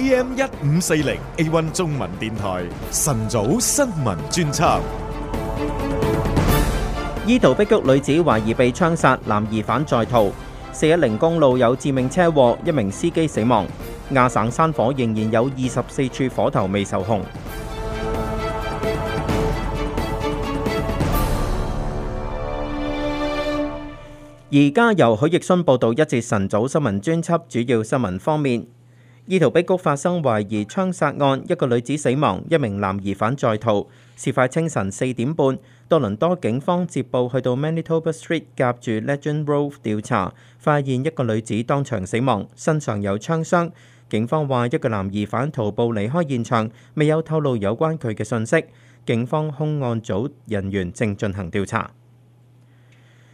AM 一五四零 A One 中文電台晨早新聞專輯。伊度逼谷女子懷疑被槍殺，男疑犯在逃。四一零公路有致命車禍，一名司機死亡。亞省山火仍然有二十四處火頭未受控。而家由許奕迅報道一節晨早新聞專輯，主要新聞方面。怡陶碧谷發生懷疑槍殺案，一個女子死亡，一名男疑犯在逃。事發清晨四點半，多倫多警方接報去到 Manitoba Street 夾住 Legend Road 調查，發現一個女子當場死亡，身上有槍傷。警方話一個男疑犯徒步離開現場，未有透露有關佢嘅信息。警方凶案組人員正進行調查。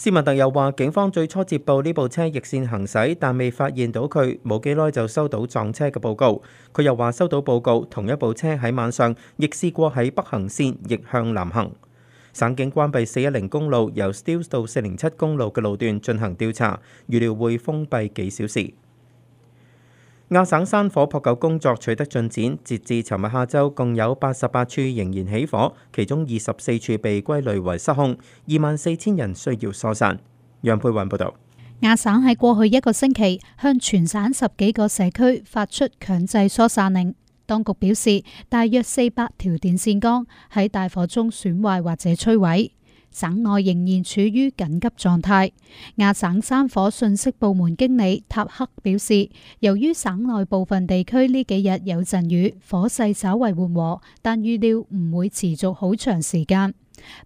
斯文特又話：警方最初接報呢部車逆線行駛，但未發現到佢。冇幾耐就收到撞車嘅報告。佢又話收到報告，同一部車喺晚上亦試過喺北行線逆向南行。省警關閉四一零公路由 Stiles 到四零七公路嘅路段進行調查，預料會封閉幾小時。亞省山火撲救工作取得進展，截至尋日下晝，共有八十八處仍然起火，其中二十四處被歸類為失控，二萬四千人需要疏散。楊佩雲報道。亞省喺過去一個星期向全省十幾個社區發出強制疏散令，當局表示大約四百條電線杆喺大火中損壞或者摧毀。省內仍然處於緊急狀態。亞省山火信息部門經理塔克表示，由於省內部分地區呢幾日有陣雨，火勢稍為緩和，但預料唔會持續好長時間。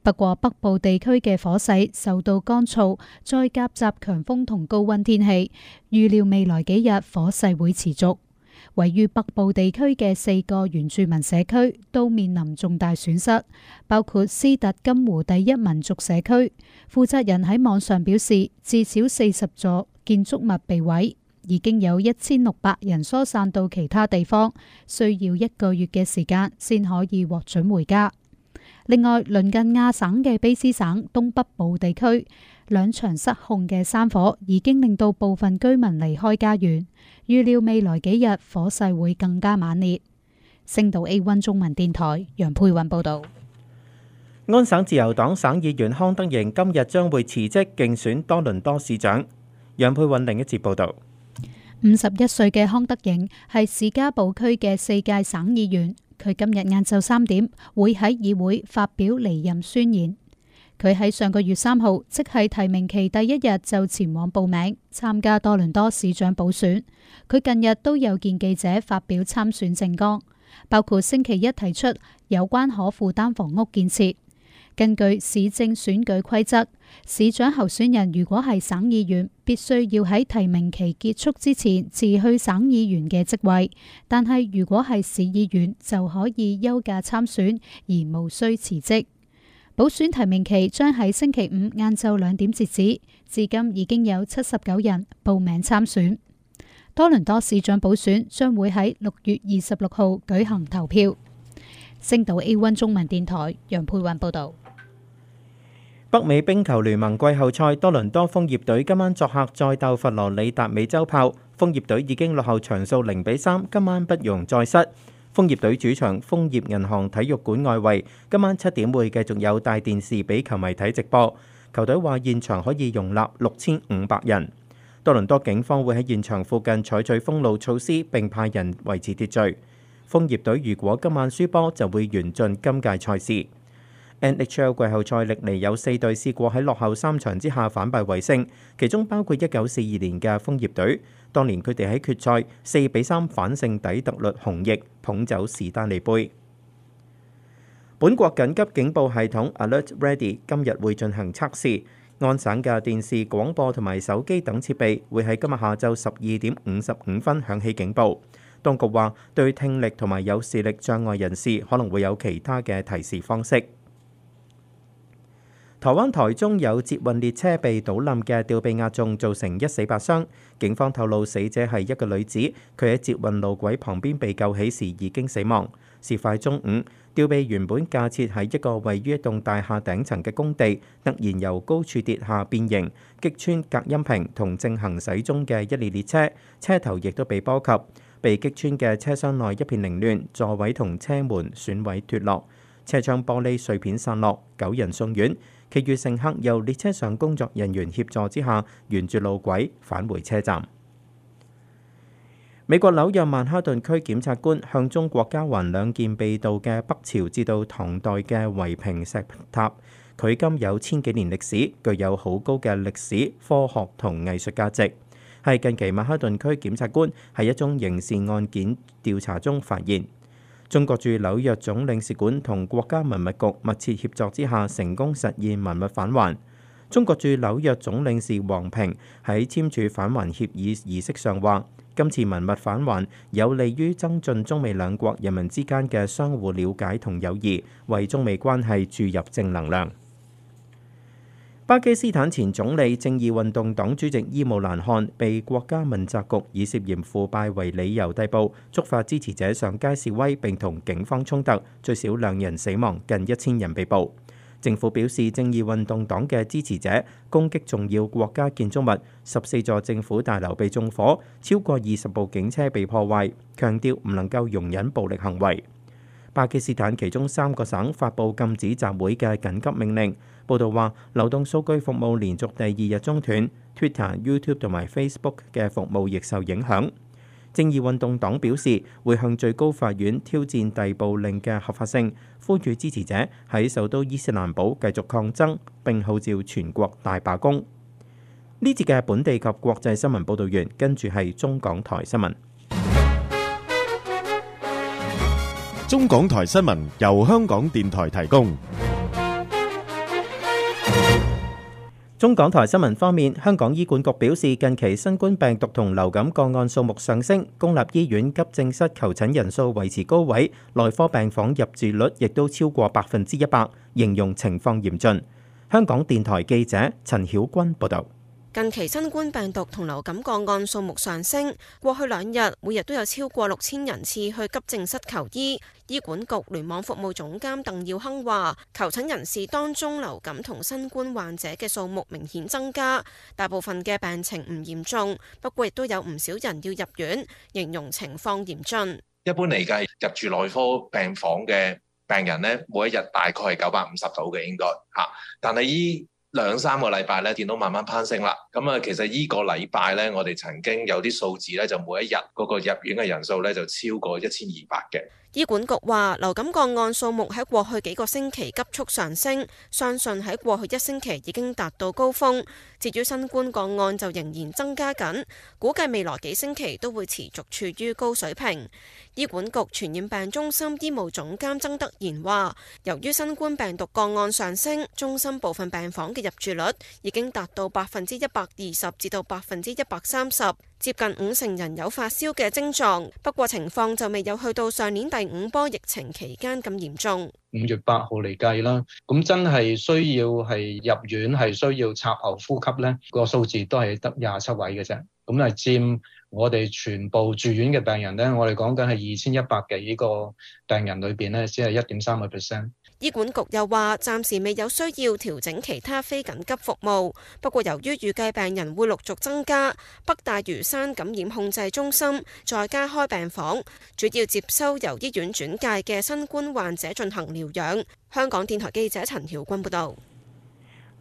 不過北部地區嘅火勢受到乾燥，再夾雜強風同高温天氣，預料未來幾日火勢會持續。位於北部地區嘅四個原住民社區都面臨重大損失，包括斯特金湖第一民族社區。負責人喺網上表示，至少四十座建築物被毀，已經有一千六百人疏散到其他地方，需要一個月嘅時間先可以獲准回家。另外，鄰近亞省嘅卑斯省東北部地區。兩場失控嘅山火已經令到部分居民離開家園，預料未來幾日火勢會更加猛烈。星島 A1 中文電台楊佩韻報道。安省自由黨省議員康德盈今日將會辭職競選多倫多市長。楊佩韻另一節報道。五十一歲嘅康德盈係史加堡區嘅四屆省議員，佢今日晏晝三點會喺議會發表離任宣言。佢喺上個月三號，即係提名期第一日就前往報名參加多倫多市長補選。佢近日都有見記者發表參選政綱，包括星期一提出有關可負擔房屋建設。根據市政選舉規則，市長候選人如果係省議員，必須要喺提名期結束之前辭去省議員嘅職位，但係如果係市議員就可以休假參選而無需辭職。補選提名期將喺星期五晏晝兩點截止，至今已經有七十九人報名參選。多倫多市長補選將會喺六月二十六號舉行投票。星島 A1 中文電台楊佩云報道。北美冰球聯盟季後賽，多倫多楓葉隊今晚作客再鬥佛羅里達美洲豹。楓葉隊已經落後場數零比三，今晚不容再失。楓葉隊主場楓葉銀行體育館外圍，今晚七點會繼續有大電視俾球迷睇直播。球隊話現場可以容納六千五百人。多倫多警方會喺現場附近採取封路措施，並派人維持秩序。楓葉隊如果今晚輸波，就會完盡今屆賽事。NHL 季後賽歷嚟有四隊試過喺落後三場之下反敗為勝，其中包括一九四二年嘅楓葉隊。當年佢哋喺決賽四比三反勝底特律紅翼，捧走史丹利杯。本國緊急警報系統 Alert Ready 今日會進行測試，安省嘅電視、廣播同埋手機等設備會喺今日下晝十二點五十五分響起警報。當局話對聽力同埋有視力障礙人士可能會有其他嘅提示方式。台灣台中有捷運列車被倒冧嘅吊臂壓中，造成一死八傷。警方透露死者係一個女子，佢喺捷運路軌旁邊被救起時已經死亡。事快中午，吊臂原本架設喺一個位於一棟大廈頂層嘅工地，突然由高處跌下變形，擊穿隔音屏同正行駛中嘅一列列車，車頭亦都被波及。被擊穿嘅車廂內一片凌亂，座位同車門損毀脫落，車窗玻璃碎片散落，九人送院。其餘乘客由列車上工作人員協助之下，沿住路軌返回車站。美國紐約曼哈頓區檢察官向中國交還兩件被盜嘅北朝至到唐代嘅圍屏石塔，距今有千幾年歷史，具有好高嘅歷史、科學同藝術價值，係近期曼哈頓區檢察官喺一宗刑事案件調查中發現。中國駐紐約總領事館同國家文物局密切協作之下，成功實現文物返還。中國駐紐約總領事王平喺簽署返還協議儀式上話：今次文物返還有利於增進中美兩國人民之間嘅相互了解同友誼，為中美關係注入正能量。巴基斯坦前總理正義運動黨主席伊姆蘭汗被國家問責局以涉嫌腐敗為理由逮捕，觸發支持者上街示威，並同警方衝突，最少兩人死亡，近一千人被捕。政府表示，正義運動黨嘅支持者攻擊重要國家建築物，十四座政府大樓被縱火，超過二十部警車被破壞，強調唔能夠容忍暴力行為。巴基斯坦其中三個省發布禁止集會嘅緊急命令。報道話，流動數據服務連續第二日中斷，Twitter、YouTube 同埋 Facebook 嘅服務亦受影響。正義運動黨表示會向最高法院挑戰逮捕令嘅合法性，呼籲支持者喺首都伊斯蘭堡繼續抗爭，並號召全國大罷工。呢節嘅本地及國際新聞報導員，跟住係中港台新聞。中港台新聞由香港電台提供。中港台新聞方面，香港醫管局表示，近期新冠病毒同流感個案數目上升，公立醫院急症室求診人數維持高位，內科病房入住率亦都超過百分之一百，形容情況嚴峻。香港電台記者陳曉君報道。近期新冠病毒同流感個案數目上升，過去兩日每日都有超過六千人次去急症室求醫。醫管局聯網服務總監鄧耀鏗話，求診人士當中流感同新冠患者嘅數目明顯增加，大部分嘅病情唔嚴重，不過亦都有唔少人要入院，形容情況嚴峻。一般嚟計，入住內科病房嘅病人呢，每一日大概係九百五十度嘅應該吓，但係依兩三個禮拜咧，見到慢慢攀升啦。咁啊，其實依個禮拜咧，我哋曾經有啲數字咧，就每一日嗰個入院嘅人數咧，就超過一千二百嘅。醫管局話，流感個案數目喺過去幾個星期急速上升，相信喺過去一星期已經達到高峰。至於新冠個案就仍然增加緊，估計未來幾星期都會持續處於高水平。醫管局傳染病中心醫務總監曾德賢話，由於新冠病毒個案上升，中心部分病房嘅入住率已經達到百分之一百二十至到百分之一百三十，接近五成人有發燒嘅症狀。不過情況就未有去到上年第五波疫情期間咁嚴重。五月八號嚟計啦，咁真係需要係入院，係需要插喉呼吸呢？個數字都係得廿七位嘅啫。咁係佔我哋全部住院嘅病人咧，我哋講緊係二千一百幾呢個病人裏邊咧，只係一點三個 percent。醫管局又話，暫時未有需要調整其他非緊急服務，不過由於預計病人會陸續增加，北大嶼山感染控制中心再加開病房，主要接收由醫院轉介嘅新冠患者進行療養。香港電台記者陳曉君報導。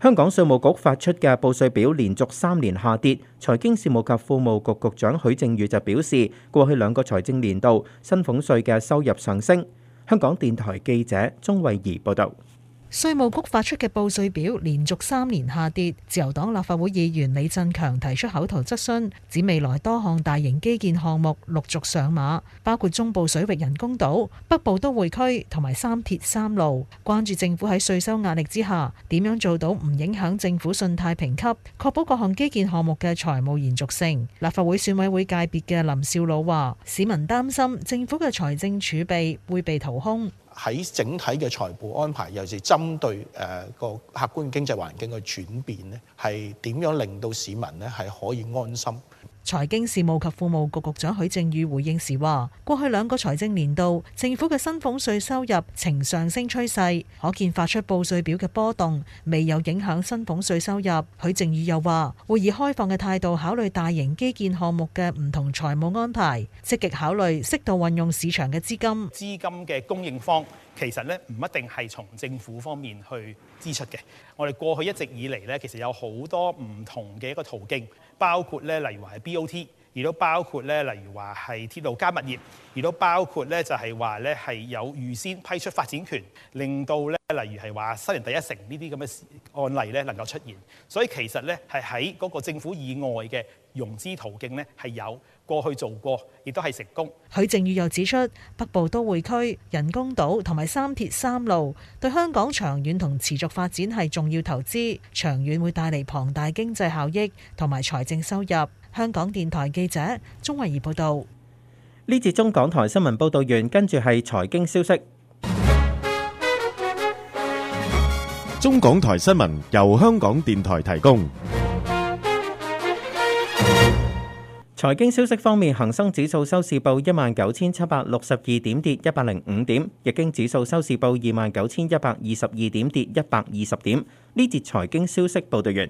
香港稅務局發出嘅報稅表連續三年下跌，財經事務及庫務局局，局長許正宇就表示，過去兩個財政年度薪俸稅嘅收入上升。香港電台記者鍾慧儀報道。稅務局發出嘅報稅表連續三年下跌，自由黨立法會議員李鎮強提出口頭質詢，指未來多項大型基建項目陸續上馬，包括中部水域人工島、北部都會區同埋三鐵三路，關注政府喺稅收壓力之下點樣做到唔影響政府信貸評級，確保各項基建項目嘅財務延續性。立法會選委會界別嘅林少魯話：市民擔心政府嘅財政儲備會被掏空。喺整體嘅財務安排，尤其是針對誒、呃、個客觀經濟環境嘅轉變咧，係點樣令到市民咧係可以安心？財經事務及庫務局局長許正宇回應時話，過去兩個財政年度，政府嘅薪俸稅收入呈上升趨勢，可見發出報稅表嘅波動，未有影響薪俸稅收入。許正宇又話，會以開放嘅態度考慮大型基建項目嘅唔同財務安排，積極考慮適度運用市場嘅資金。資金嘅供應方其實呢，唔一定係從政府方面去支出嘅，我哋過去一直以嚟呢，其實有好多唔同嘅一個途徑。包括咧，例如話係 BOT。亦都包括咧，例如話，係鐵路加物業，亦都包括咧，就係話，咧係有預先批出發展權，令到咧例如係話，西營第一城呢啲咁嘅案例咧能夠出現。所以其實，咧係喺嗰個政府以外嘅融資途徑，咧係有過去做過，亦都係成功。許正宇又指出，北部都會區人工島同埋三鐵三路對香港長遠同持續發展係重要投資，長遠會帶嚟龐大經濟效益同埋財政收入。香港電台記者鍾慧怡報道，呢節中港台新聞報道完，跟住係財經消息。中港台新聞由香港電台提供。財經消息方面，恒生指數收市報一萬九千七百六十二點，跌一百零五點；日經指數收市報二萬九千一百二十二點，跌一百二十點。呢節財經消息報道完。